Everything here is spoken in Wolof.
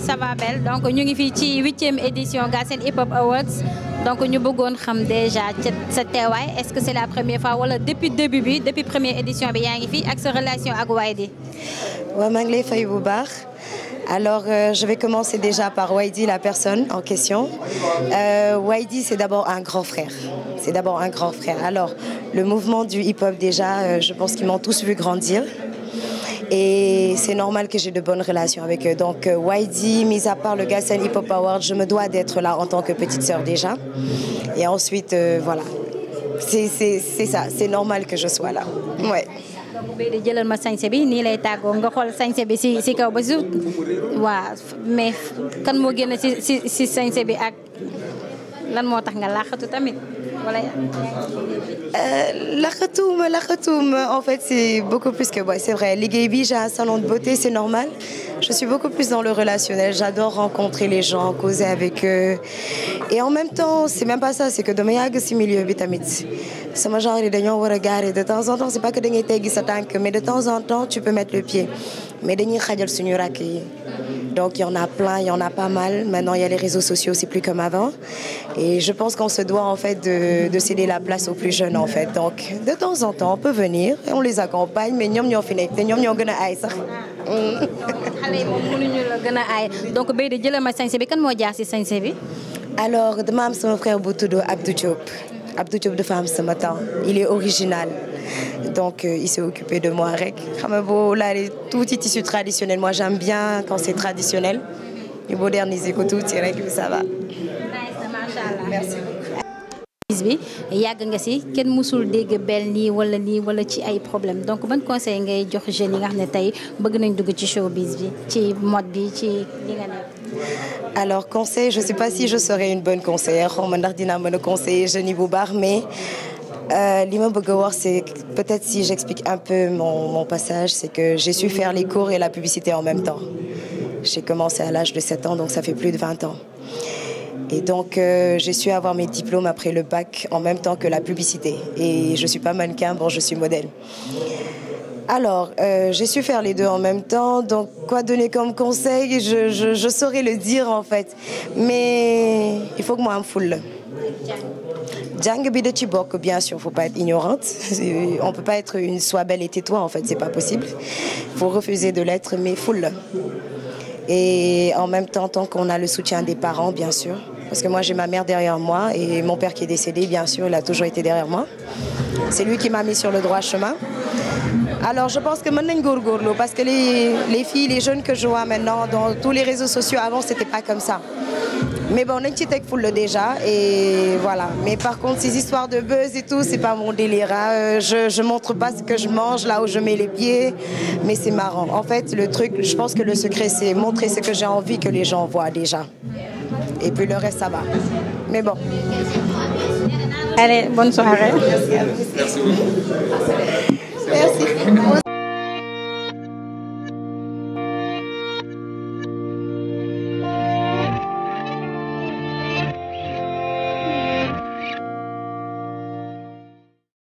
ça donc ñu ngi fii ci huitième édition Galsen Hip Hop Awards donc ñu bëggoon xam déjà sa teewaay est-ce que c'est la première fois wala depuis début bi depuis première édition bi yaa ngi fii ak relation ak Waydi. waaw maa ngi lay fay bu baax. Alors euh, je vais commencer déjà par Waydi la personne en question. Euh Waydi c'est d'abord un grand frère. C'est d'abord un grand frère. Alors le mouvement du hip-hop déjà euh, je pense qu'ils m'ont tous vu grandir. et c'est normal que j'ai de bonnes relations avec eux. Donc euh, YD, mis à part le Galsen Hip Hop Award, je me dois d'être là en tant que petite sœur déjà. Et ensuite, euh, voilà, c'est ça, c'est normal que je sois là. Ouais. bu bay di jëlal ma sañse bi nii lay tàggoo nga xool sañse bi si si kaw ba si suuf waa mais kan moo génn si si si sañse bi ak lan moo tax nga laaxatu tamit voilà. Euh, laxatuuma laxatuuma en fait c'est beaucoup plus que boy c'est vrai liggéey bi j'ai un salon de beauté c'est normal je suis beaucoup plus dans le relationnel j'adore rencontrer les gens causer avec eux et en même temps c'est même pas ça c'est que dama yàgg ci milieu bi tamit sama genre yi dañoo war a garer de temps en temps c'est pas que dañuy teggi sa tànk mais de temps en temps tu peux mettre le pied mais dañuy xajal suñu rakk yi Donc il y en a plein, a pas mal. Maintenant il y les réseaux sociaux, avant. Et je pense qu'on se doit de, céder la place aux plus jeunes en fait. Donc de temps en temps on peut venir, on les accompagne, mais ñoom ñoo fi nekk te ñoom ñoo gën a sax. donc béy de jëlal ma sañse bi kan moo jaar si sañse bi. alors dama am sama frère bu tudd Abdou Diop dafa am ce matin il est original donc euh, il s'est occupé de moi rek xam nga boo laalee tuuti tissu traditionnel moi j'aime bien quand c'est traditionnel ñu moderniser ko tuuti rek ça va. Merci. bi yàgg nga si kenn musul dégg bel nii wala nii wala ci ay problème donc ban conseil ngay jox jeunes nga xam ne tey bëgg nañ dugg ci showbiz bi ci mode bi ci li nga nekk. alors conseil je sais pas si je serai une bonne conseillère xaw ma ndax dinaa mën a conseiller bu baax mais. Euh, li ma bëgg a wax c'est peut-être si j'explique un peu mon mon passage c'est que j'ai su faire les cours et la publicité en même temps j'ai commencé à l'âge de 7 ans donc ça plus de 20 ans Et donc, euh, j'ai su avoir mes diplômes après le bac en même temps que la publicité. Et je ne suis pas mannequin, bon, je suis modèle. Alors, euh, j'ai su faire les deux en même temps, donc quoi donner comme conseil je, je, je, saurais le dire en fait. Mais il faut que moi, me foule. Djang de Chibok, bien sûr, faut pas être ignorante. On peut pas être une soie belle et tais-toi, en fait, c'est pas possible. Faut refuser de l'être, mais foule. Et en même temps, tant qu'on a le soutien des parents, bien sûr. Parce que moi, j'ai ma mère derrière moi et mon père qui est décédé, bien sûr, il a toujours été derrière moi. C'est lui qui m'a mis sur le droit chemin. Alors, je pense que maintenant, Gourgourlo, parce que les, les filles, les jeunes que je vois maintenant dans tous les réseaux sociaux, avant, c'était pas comme ça. Mais bon, on est tech full déjà. Et voilà. Mais par contre, ces histoires de buzz et tout, c'est pas mon délire. Euh, je, montre pas ce que je mange, là où je mets les pieds. Mais c'est marrant. En fait, le truc, je pense que le secret, c'est montrer ce que j'ai envie que les gens voient déjà. Et puis le reste, ça va. Mais bon. Allez, bonne Merci.